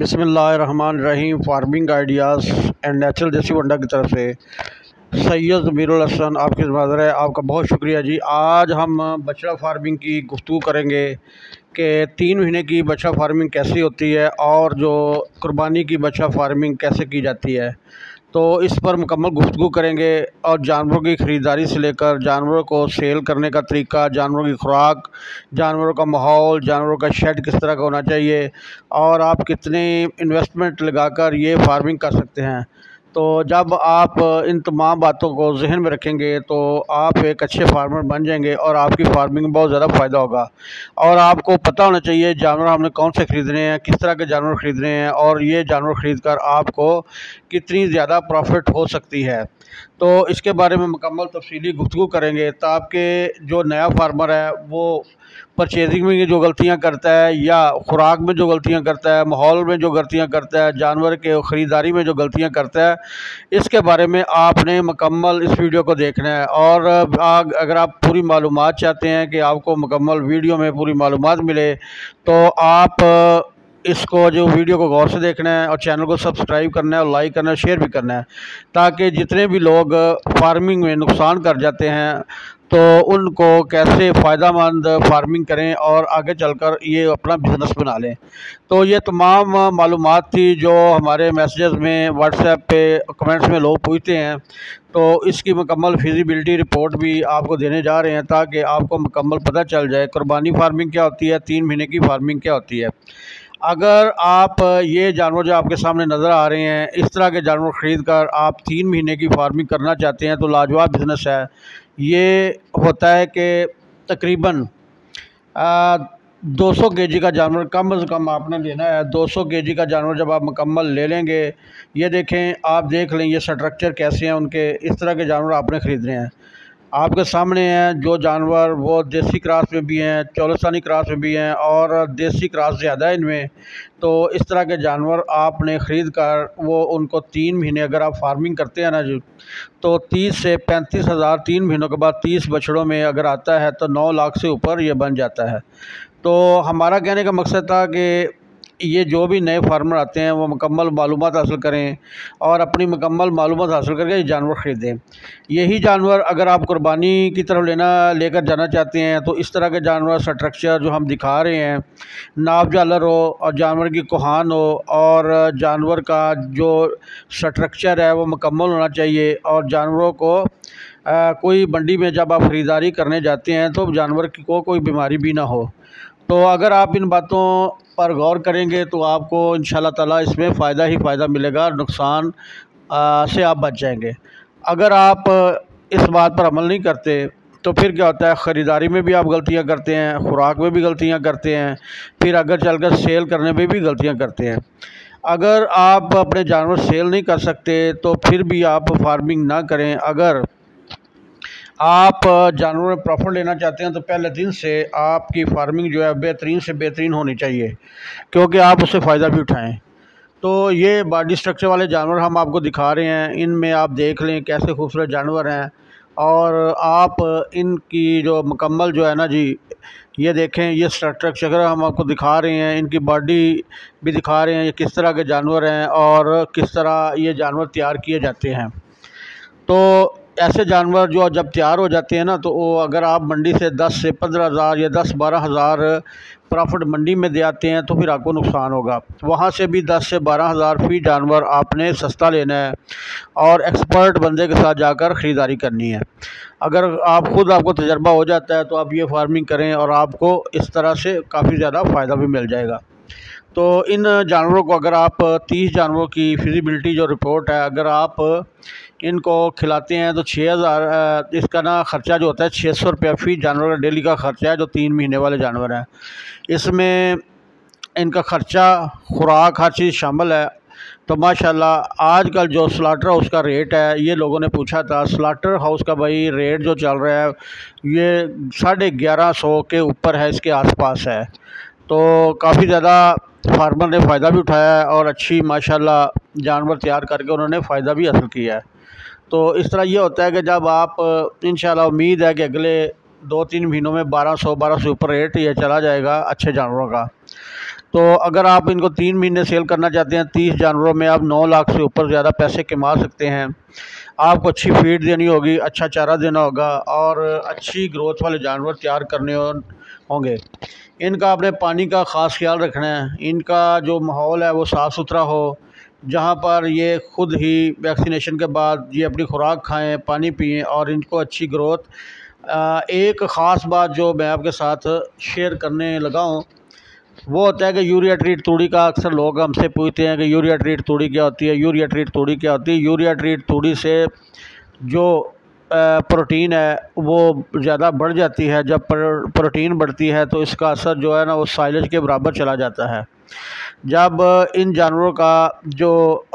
بسم اللہ الرحمن الرحیم farming ideas and natural desi ونڈا کی طرف سے سید میر الحسن آپ کے ذمہ ہے آپ کا بہت شکریہ جی آج ہم بچڑا فارمنگ کی گفتگو کریں گے کہ تین مہینے کی بچڑا فارمنگ کیسی ہوتی ہے اور جو قربانی کی بچڑا فارمنگ کیسے کی جاتی ہے تو اس پر مکمل گفتگو کریں گے اور جانوروں کی خریداری سے لے کر جانوروں کو سیل کرنے کا طریقہ جانوروں کی خوراک جانوروں کا ماحول جانوروں کا شیڈ کس طرح کا ہونا چاہیے اور آپ کتنی انویسٹمنٹ لگا کر یہ فارمنگ کر سکتے ہیں تو جب آپ ان تمام باتوں کو ذہن میں رکھیں گے تو آپ ایک اچھے فارمر بن جائیں گے اور آپ کی فارمنگ میں بہت زیادہ فائدہ ہوگا اور آپ کو پتہ ہونا چاہیے جانور ہم نے کون سے خرید رہے ہیں کس طرح کے جانور خرید رہے ہیں اور یہ جانور خرید کر آپ کو کتنی زیادہ پروفٹ ہو سکتی ہے تو اس کے بارے میں مکمل تفصیلی گفتگو کریں گے تو آپ کے جو نیا فارمر ہے وہ پرچیزنگ میں جو غلطیاں کرتا ہے یا خوراک میں جو غلطیاں کرتا ہے ماحول میں جو غلطیاں کرتا ہے جانور کے خریداری میں جو غلطیاں کرتا ہے اس کے بارے میں آپ نے مکمل اس ویڈیو کو دیکھنا ہے اور اگر آپ پوری معلومات چاہتے ہیں کہ آپ کو مکمل ویڈیو میں پوری معلومات ملے تو آپ اس کو جو ویڈیو کو غور سے دیکھنا ہے اور چینل کو سبسکرائب کرنا ہے اور لائک کرنا ہے شیئر بھی کرنا ہے تاکہ جتنے بھی لوگ فارمنگ میں نقصان کر جاتے ہیں تو ان کو کیسے فائدہ مند فارمنگ کریں اور آگے چل کر یہ اپنا بزنس بنا لیں تو یہ تمام معلومات تھی جو ہمارے میسیجز میں واٹس ایپ پہ کمنٹس میں لوگ پوچھتے ہیں تو اس کی مکمل فیزیبلٹی رپورٹ بھی آپ کو دینے جا رہے ہیں تاکہ آپ کو مکمل پتہ چل جائے قربانی فارمنگ کیا ہوتی ہے تین مہینے کی فارمنگ کیا ہوتی ہے اگر آپ یہ جانور جو آپ کے سامنے نظر آ رہے ہیں اس طرح کے جانور خرید کر آپ تین مہینے کی فارمنگ کرنا چاہتے ہیں تو لاجواب بزنس ہے یہ ہوتا ہے کہ تقریباً دو سو کے جی کا جانور کم از کم آپ نے لینا ہے دو سو کے جی کا جانور جب آپ مکمل لے لیں گے یہ دیکھیں آپ دیکھ لیں یہ سٹرکچر کیسے ہیں ان کے اس طرح کے جانور آپ نے خریدنے ہیں آپ کے سامنے ہیں جو جانور وہ دیسی کراس میں بھی ہیں چولستانی کراس میں بھی ہیں اور دیسی کراس زیادہ ہے ان میں تو اس طرح کے جانور آپ نے خرید کر وہ ان کو تین مہینے اگر آپ فارمنگ کرتے ہیں نا جی، تو تیس سے پینتیس ہزار تین مہینوں کے بعد تیس بچڑوں میں اگر آتا ہے تو نو لاکھ سے اوپر یہ بن جاتا ہے تو ہمارا کہنے کا مقصد تھا کہ یہ جو بھی نئے فارمر آتے ہیں وہ مکمل معلومات حاصل کریں اور اپنی مکمل معلومات حاصل کر کے یہ جانور خریدیں یہی جانور اگر آپ قربانی کی طرف لینا لے کر جانا چاہتے ہیں تو اس طرح کے جانور سٹرکچر جو ہم دکھا رہے ہیں ناپ جالر ہو اور جانور کی کوہان ہو اور جانور کا جو سٹرکچر ہے وہ مکمل ہونا چاہیے اور جانوروں کو کوئی منڈی میں جب آپ خریداری کرنے جاتے ہیں تو جانور کو کوئی بیماری بھی نہ ہو تو اگر آپ ان باتوں پر غور کریں گے تو آپ کو ان شاء اللہ تعالیٰ اس میں فائدہ ہی فائدہ ملے گا نقصان سے آپ بچ جائیں گے اگر آپ اس بات پر عمل نہیں کرتے تو پھر کیا ہوتا ہے خریداری میں بھی آپ غلطیاں کرتے ہیں خوراک میں بھی غلطیاں کرتے ہیں پھر اگر چل کر سیل کرنے میں بھی غلطیاں کرتے ہیں اگر آپ اپنے جانور سیل نہیں کر سکتے تو پھر بھی آپ فارمنگ نہ کریں اگر آپ جانور میں پروفٹ لینا چاہتے ہیں تو پہلے دن سے آپ کی فارمنگ جو ہے بہترین سے بہترین ہونی چاہیے کیونکہ آپ اس سے فائدہ بھی اٹھائیں تو یہ باڈی سٹرکچر والے جانور ہم آپ کو دکھا رہے ہیں ان میں آپ دیکھ لیں کیسے خوبصورت جانور ہیں اور آپ ان کی جو مکمل جو ہے نا جی یہ دیکھیں یہ سٹرکچر ہم آپ کو دکھا رہے ہیں ان کی باڈی بھی دکھا رہے ہیں یہ کس طرح کے جانور ہیں اور کس طرح یہ جانور تیار کیے جاتے ہیں تو ایسے جانور جو جب تیار ہو جاتے ہیں نا تو وہ اگر آپ منڈی سے دس سے پندرہ ہزار یا دس بارہ ہزار پرافٹ منڈی میں دے آتے ہیں تو پھر آپ کو نقصان ہوگا وہاں سے بھی دس سے بارہ ہزار فی جانور آپ نے سستا لینا ہے اور ایکسپرٹ بندے کے ساتھ جا کر خریداری کرنی ہے اگر آپ خود آپ کو تجربہ ہو جاتا ہے تو آپ یہ فارمنگ کریں اور آپ کو اس طرح سے کافی زیادہ فائدہ بھی مل جائے گا تو ان جانوروں کو اگر آپ تیس جانوروں کی فیزیبلٹی جو رپورٹ ہے اگر آپ ان کو کھلاتے ہیں تو چھ ہزار اس کا نا خرچہ جو ہوتا ہے چھ سو روپیہ فی جانور کا ڈیلی کا خرچہ ہے جو تین مہینے والے جانور ہیں اس میں ان کا خرچہ خوراک ہر چیز شامل ہے تو ماشاءاللہ اللہ آج کل جو سلاٹر ہاؤس کا ریٹ ہے یہ لوگوں نے پوچھا تھا سلاٹر ہاؤس کا بھائی ریٹ جو چل رہا ہے یہ ساڑھے گیارہ سو کے اوپر ہے اس کے آس پاس ہے تو کافی زیادہ فارمر نے فائدہ بھی اٹھایا ہے اور اچھی ماشاءاللہ اللہ جانور تیار کر کے انہوں نے فائدہ بھی حاصل کیا ہے تو اس طرح یہ ہوتا ہے کہ جب آپ انشاءاللہ امید ہے کہ اگلے دو تین مہینوں میں بارہ سو بارہ سو اوپر ریٹ یہ چلا جائے گا اچھے جانوروں کا تو اگر آپ ان کو تین مہینے سیل کرنا چاہتے ہیں تیس جانوروں میں آپ نو لاکھ سے اوپر زیادہ پیسے کما سکتے ہیں آپ کو اچھی فیڈ دینی ہوگی اچھا چارہ دینا ہوگا اور اچھی گروتھ والے جانور تیار کرنے ہوں گے ان کا اپنے پانی کا خاص خیال رکھنا ہے ان کا جو ماحول ہے وہ صاف ستھرا ہو جہاں پر یہ خود ہی ویکسینیشن کے بعد یہ اپنی خوراک کھائیں پانی پئیں اور ان کو اچھی گروتھ ایک خاص بات جو میں آپ کے ساتھ شیئر کرنے لگا ہوں وہ ہوتا ہے کہ یوریا ٹریٹ توڑی کا اکثر لوگ ہم سے پوچھتے ہیں کہ یوریا ٹریٹ توڑی کیا ہوتی ہے یوریا ٹریٹ توڑی کیا ہوتی ہے یوریا ٹریٹ توڑی سے جو پروٹین ہے وہ زیادہ بڑھ جاتی ہے جب پروٹین بڑھتی ہے تو اس کا اثر جو ہے نا وہ سائلج کے برابر چلا جاتا ہے جب ان جانوروں کا جو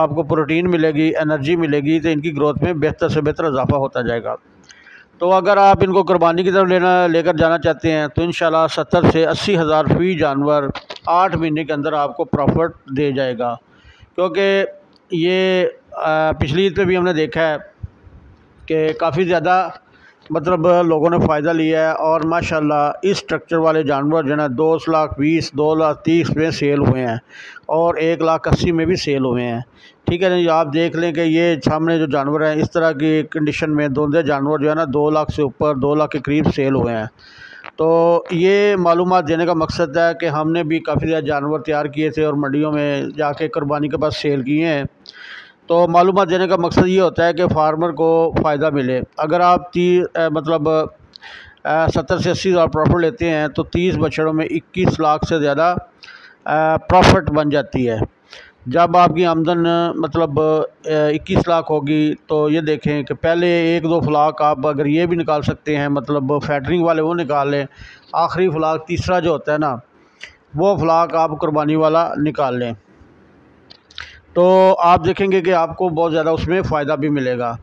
آپ کو پروٹین ملے گی انرجی ملے گی تو ان کی گروتھ میں بہتر سے بہتر اضافہ ہوتا جائے گا تو اگر آپ ان کو قربانی کی طرف لینا لے کر جانا چاہتے ہیں تو انشاءاللہ ستر سے اسی ہزار فی جانور آٹھ مہینے کے اندر آپ کو پروفٹ دے جائے گا کیونکہ یہ پچھلی عید پہ بھی ہم نے دیکھا ہے کہ کافی زیادہ مطلب لوگوں نے فائدہ لیا ہے اور ماشاءاللہ اس سٹرکچر والے جانور جو ہے نا دو لاکھ بیس دو لاکھ تیس میں سیل ہوئے ہیں اور ایک لاکھ اسی میں بھی سیل ہوئے ہیں ٹھیک ہے نہیں آپ دیکھ لیں کہ یہ سامنے جو جانور ہیں اس طرح کی کنڈیشن میں دوندے جانور جو ہے نا دو لاکھ سے اوپر دو لاکھ کے قریب سیل ہوئے ہیں تو یہ معلومات دینے کا مقصد ہے کہ ہم نے بھی کافی زیادہ جانور تیار کیے تھے اور منڈیوں میں جا کے قربانی کے پاس سیل کیے ہیں تو معلومات دینے کا مقصد یہ ہوتا ہے کہ فارمر کو فائدہ ملے اگر آپ مطلب ستر سے اسی ہزار پرافٹ لیتے ہیں تو تیس بچڑوں میں اکیس لاکھ سے زیادہ پروفٹ بن جاتی ہے جب آپ کی آمدن مطلب اکیس لاکھ ہوگی تو یہ دیکھیں کہ پہلے ایک دو فلاک آپ اگر یہ بھی نکال سکتے ہیں مطلب فیٹرنگ والے وہ نکال لیں آخری فلاک تیسرا جو ہوتا ہے نا وہ فلاک آپ قربانی والا نکال لیں تو آپ دیکھیں گے کہ آپ کو بہت زیادہ اس میں فائدہ بھی ملے گا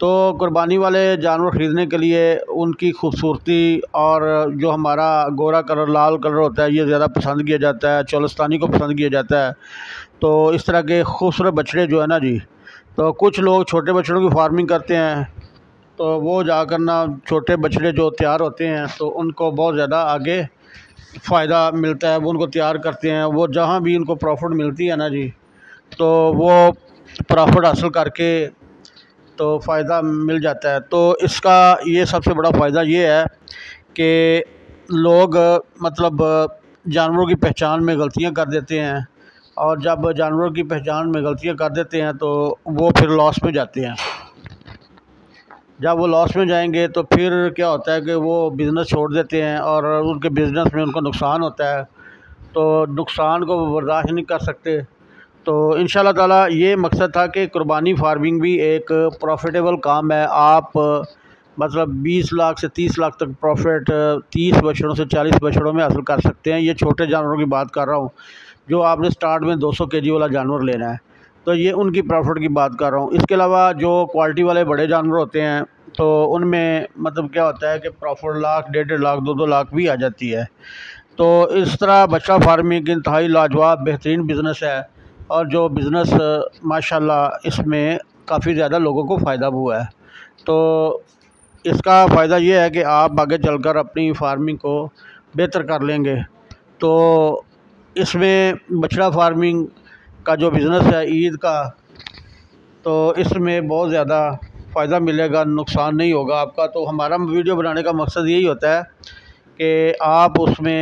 تو قربانی والے جانور خریدنے کے لیے ان کی خوبصورتی اور جو ہمارا گورا کلر لال کلر ہوتا ہے یہ زیادہ پسند کیا جاتا ہے چولستانی کو پسند کیا جاتا ہے تو اس طرح کے خوبصورت بچڑے جو ہے نا جی تو کچھ لوگ چھوٹے بچڑوں کی فارمنگ کرتے ہیں تو وہ جا کر نا چھوٹے بچڑے جو تیار ہوتے ہیں تو ان کو بہت زیادہ آگے فائدہ ملتا ہے وہ ان کو تیار کرتے ہیں وہ جہاں بھی ان کو پروفٹ ملتی ہے نا جی تو وہ پرافٹ حاصل کر کے تو فائدہ مل جاتا ہے تو اس کا یہ سب سے بڑا فائدہ یہ ہے کہ لوگ مطلب جانوروں کی پہچان میں غلطیاں کر دیتے ہیں اور جب جانوروں کی پہچان میں غلطیاں کر دیتے ہیں تو وہ پھر لاس میں جاتے ہیں جب وہ لاس میں جائیں گے تو پھر کیا ہوتا ہے کہ وہ بزنس چھوڑ دیتے ہیں اور ان کے بزنس میں ان کو نقصان ہوتا ہے تو نقصان کو وہ برداشت نہیں کر سکتے تو ان شاء اللہ تعالیٰ یہ مقصد تھا کہ قربانی فارمنگ بھی ایک پروفیٹیبل کام ہے آپ مطلب بیس لاکھ سے تیس لاکھ تک پروفٹ تیس بچڑوں سے چالیس بچڑوں میں حاصل کر سکتے ہیں یہ چھوٹے جانوروں کی بات کر رہا ہوں جو آپ نے سٹارٹ میں دو سو کے جی والا جانور لینا ہے تو یہ ان کی پروفٹ کی بات کر رہا ہوں اس کے علاوہ جو کوالٹی والے بڑے جانور ہوتے ہیں تو ان میں مطلب کیا ہوتا ہے کہ پروفٹ لاکھ ڈیڑھ ڈیڑھ لاکھ دو دو لاکھ بھی آ جاتی ہے تو اس طرح بچہ فارمنگ انتہائی لاجواب بہترین بزنس ہے اور جو بزنس ماشاءاللہ اس میں کافی زیادہ لوگوں کو فائدہ ہوا ہے تو اس کا فائدہ یہ ہے کہ آپ آگے چل کر اپنی فارمنگ کو بہتر کر لیں گے تو اس میں بچڑا فارمنگ کا جو بزنس ہے عید کا تو اس میں بہت زیادہ فائدہ ملے گا نقصان نہیں ہوگا آپ کا تو ہمارا ویڈیو بنانے کا مقصد یہی ہوتا ہے کہ آپ اس میں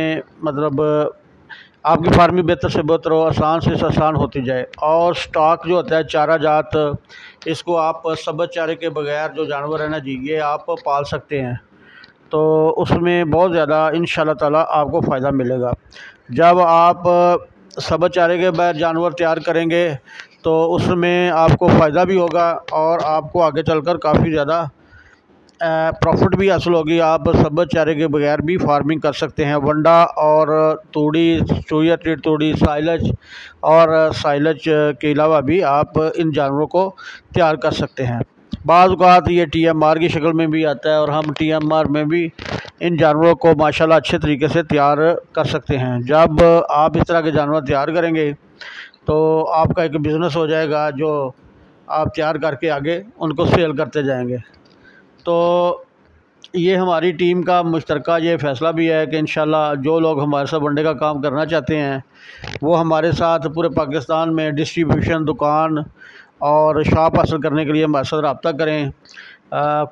مطلب آپ کی فارمنگ بہتر سے بہتر ہو آسان سے آسان ہوتی جائے اور سٹاک جو ہوتا ہے چارہ جات اس کو آپ سبت چارے کے بغیر جو جانور رہنا جی، یہ آپ پال سکتے ہیں تو اس میں بہت زیادہ ان شاء اللہ تعالیٰ آپ کو فائدہ ملے گا جب آپ سبت چارے کے بغیر جانور تیار کریں گے تو اس میں آپ کو فائدہ بھی ہوگا اور آپ کو آگے چل کر کافی زیادہ پروفٹ بھی حاصل ہوگی آپ سبت چارے کے بغیر بھی فارمنگ کر سکتے ہیں ونڈا اور توڑی چوئی توڑی سائلچ اور سائلچ کے علاوہ بھی آپ ان جانوروں کو تیار کر سکتے ہیں بعض اوقات یہ ٹی ایم آر کی شکل میں بھی آتا ہے اور ہم ٹی ایم آر میں بھی ان جانوروں کو ماشاءاللہ اچھے طریقے سے تیار کر سکتے ہیں جب آپ اس طرح کے جانور تیار کریں گے تو آپ کا ایک بزنس ہو جائے گا جو آپ تیار کر کے آگے ان کو سیل کرتے جائیں گے تو یہ ہماری ٹیم کا مشترکہ یہ فیصلہ بھی ہے کہ انشاءاللہ جو لوگ ہمارے ساتھ ونڈے کا کام کرنا چاہتے ہیں وہ ہمارے ساتھ پورے پاکستان میں ڈسٹریبیوشن دکان اور شاپ حاصل کرنے کے لیے ہمارے ساتھ رابطہ کریں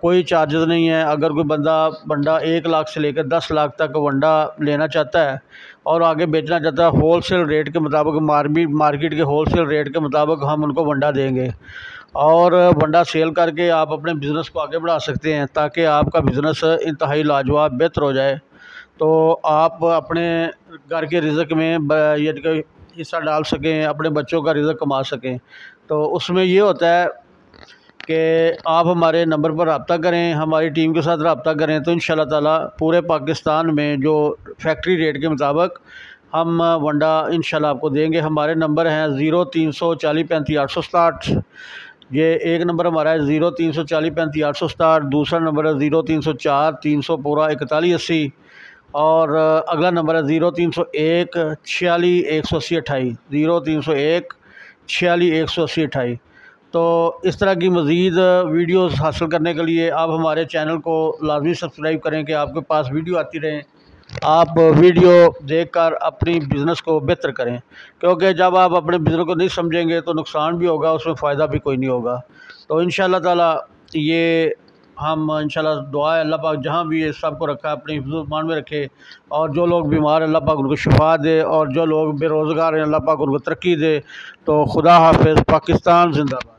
کوئی چارجز نہیں ہے اگر کوئی بندہ ونڈا ایک لاکھ سے لے کر دس لاکھ تک ونڈا لینا چاہتا ہے اور آگے بیچنا چاہتا ہے ہول سیل ریٹ کے مطابق مارکیٹ کے ہول سیل ریٹ کے مطابق ہم ان کو ونڈا دیں گے اور ونڈا سیل کر کے آپ اپنے بزنس کو آگے بڑھا سکتے ہیں تاکہ آپ کا بزنس انتہائی لاجواب بہتر ہو جائے تو آپ اپنے گھر کے رزق میں یعنی کہ حصہ ڈال سکیں اپنے بچوں کا رزق کما سکیں تو اس میں یہ ہوتا ہے کہ آپ ہمارے نمبر پر رابطہ کریں ہماری ٹیم کے ساتھ رابطہ کریں تو ان شاء اللہ تعالیٰ پورے پاکستان میں جو فیکٹری ریٹ کے مطابق ہم ونڈا انشاءاللہ آپ کو دیں گے ہمارے نمبر ہیں زیرو تین سو چالیس پینتیس آٹھ سو ستاٹھ یہ ایک نمبر ہمارا ہے زیرو تین سو چالیس پینتیس آٹھ سو ستاٹھ دوسرا نمبر ہے زیرو تین سو چار تین سو پورا اکتالیس اسی اور اگلا نمبر ہے زیرو تین سو ایک چھیالی ایک سو اسی اٹھائی زیرو تین سو ایک چھیالی ایک سو اسی اٹھائی تو اس طرح کی مزید ویڈیوز حاصل کرنے کے لیے آپ ہمارے چینل کو لازمی سبسکرائب کریں کہ آپ کے پاس ویڈیو آتی رہیں آپ ویڈیو دیکھ کر اپنی بزنس کو بہتر کریں کیونکہ جب آپ اپنے بزنس کو نہیں سمجھیں گے تو نقصان بھی ہوگا اس میں فائدہ بھی کوئی نہیں ہوگا تو ان شاء اللہ تعالیٰ یہ ہم انشاءاللہ دعا ہے اللہ پاک جہاں بھی یہ سب کو رکھا اپنی مان میں رکھے اور جو لوگ بیمار ہیں اللہ پاک ان کو شفا دے اور جو لوگ بے روزگار ہیں اللہ پاک ان کو ترقی دے تو خدا حافظ پاکستان زندہ باد